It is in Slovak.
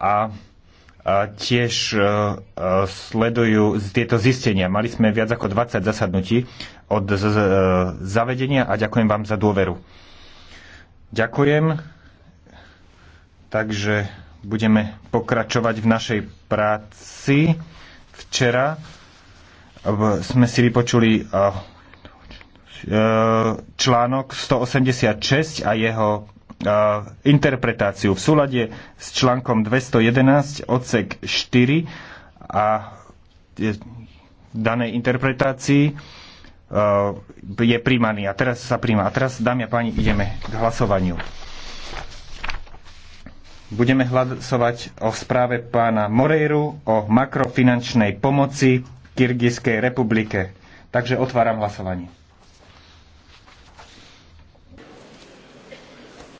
a tiež e, e, sledujú tieto zistenia. Mali sme viac ako 20 zasadnutí od e, zavedenia a ďakujem vám za dôveru. Ďakujem. Takže budeme pokračovať v našej práci. Včera sme si vypočuli článok 186 a jeho interpretáciu v súlade s článkom 211 odsek 4 a v danej interpretácii je príjmaný. A teraz sa príjma. A teraz, dámy a páni, ideme k hlasovaniu. Budeme hlasovať o správe pána Moreiru o makrofinančnej pomoci Kyrgyzskej republike. Takže otváram hlasovanie.